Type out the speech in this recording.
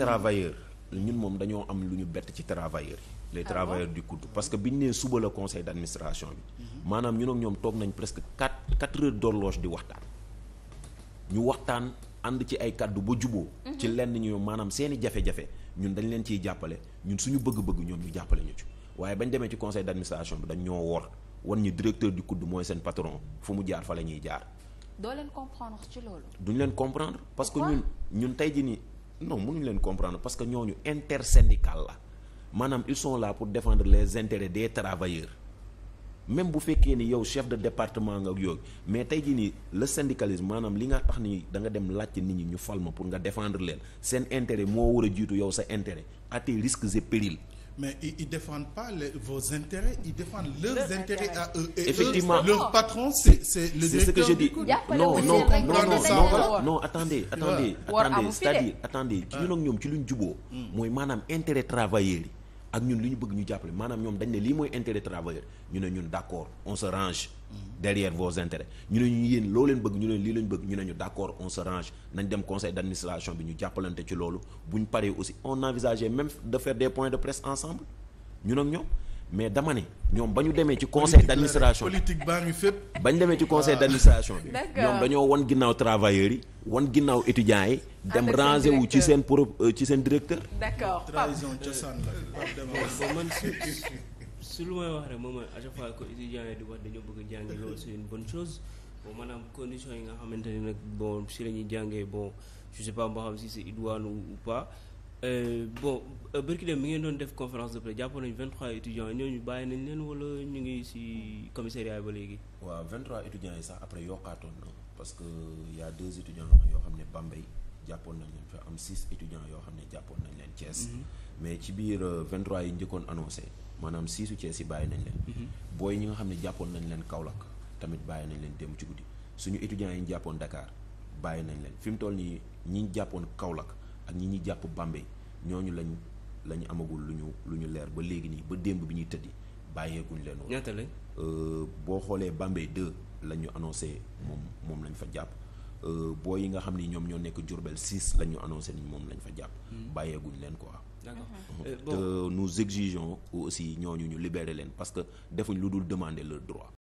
travailleurs ñun moom dañoo am lu ñu bett ci travailleurs yi les ah travailleurs du COUD parce que biñu nee suba la conseil d'administration bi mhm. maanaam ñun ak ñoom toog nañ presque quatre quatre heures di waxtaan ñu waxtaan ànd ci ay kàddu ba juboo mhm. ci lenn ñu maanaam seeni jafe-jafe ñun dañ leen ciy jàppale ñun suñu bëgg-bëgg ñoom ñu jàppale ñu ci waaye bañ demee ci conseil d'administration bi dañ ñoo wor wan ñu directeur du COUD mooy seen patron fu mu jaar fa la ñuy jaar non mënuñu leen comprendre parce que ñooñu intersyndical la maanaam ils sont là pour defendre les intérêts des travailleurs même bu fekkee ni yow chef de département nga ak yooyu mais tey jii ni le syndicalisme maanaam li nga tax ni da nga dem laajte nit ñi ñu fal ma pour nga defendre leen seen intérêt moo war a jiitu yow sa intérêt à tes risques et périls mais ils, ils défendent pas les, vos intérêts, ils défendent leurs Le intérêts intérêt. à eux. Et Effectivement. Eux, leur patron, c'est le directeur ce que je dis. Non, non, non, non, non, non, attendez, attendez, attendez, ki ñu nag ñoom ci luñ juboo hmm. mooy maanaam intérêt travailleurs yi ak ñun li ñu bëgg ñu jàppale maanaam ñoom dañ ne lii mooy intérêt travailleur ñu ne ñun d' accord on se range derrière vos intérêts ñu ne ñu yéen looleen leen bëgg ñu ne lii lañ bëgg ñu ne ñu d' accord on se range nañ dem conseil d' bi ñu jàppalante ci loolu bu ñu paree aussi on envisageait même de faire des points de presse ensemble ñun ak ñoom mais dama ne ñoom ba ñu demee ci conseil d' administration baa ngi fépp ba ñu demee ci conseil d' administration bi ñoom dañoo wan ginnaaw travailleurs yi wan ginnaaw étudiants yi ah, dem rangé wu ci seen pro euh, ci seen directeur d' accord trahison cosaan la man su lu may wax rek moom à chaque fois que étudiants yi di wax dañoo a jàngi loolu c' est une bonne chose bon maanaam condition yi nga xamante ne nag bon si la ñuy jàngee bon je sais pas moo xam si c' est idoine ou pas Euh, bon euh, bërki dem mi ngeen doon def conférence de presse jàppoon nañu vingt trois étudiants ñooñu bàyyi nañ leen wala ñu ngi ci commissariat ba léegi. waaw vingt trois étudiants yi sax après yokkaatoon na parce que y a deux étudiants yoo xam ne Bambey jàppoon nañ leen fa am six étudiants yoo xam ne jàppoon nañ leen Thiès. Mm-hmm. mais ci biir euh, vingt trois yi njëkkoon annoncé maanaam siisu Thiès yi bàyyi nañ leen. Mm-hmm. booy ñi nga xam ne jàppoon nañ leen Kaolack tamit bàyyi nañ leen démb ci guddi suñu étudiants yi ñu jàppoon Dakar bàyyi nañ leen fi mu toll nii ñi jàppoon Kaolack. ak ñi ñuy jàpp Bambey ñooñu lañ lañ amagul lu ñu lu ñu leer ba léegi nii ba démb bi ñuy tëddi bàyyeeguñ leen woon. ñaata euh, boo xoolee bambe 2 la ñu annoncé moom moom lañ fa jàpp euh, boo yi nga xam ni ñoom ñoo nekk Diourbel 6 la ñu annoncé ni moom lañ fa jàpp. Hmm. bàyyeeguñ leen quoi. d'accord uh-huh. euh, te nous exigeons aussi ñooñu ñu libérer leen parce que defuñ lu dul demander leur droit.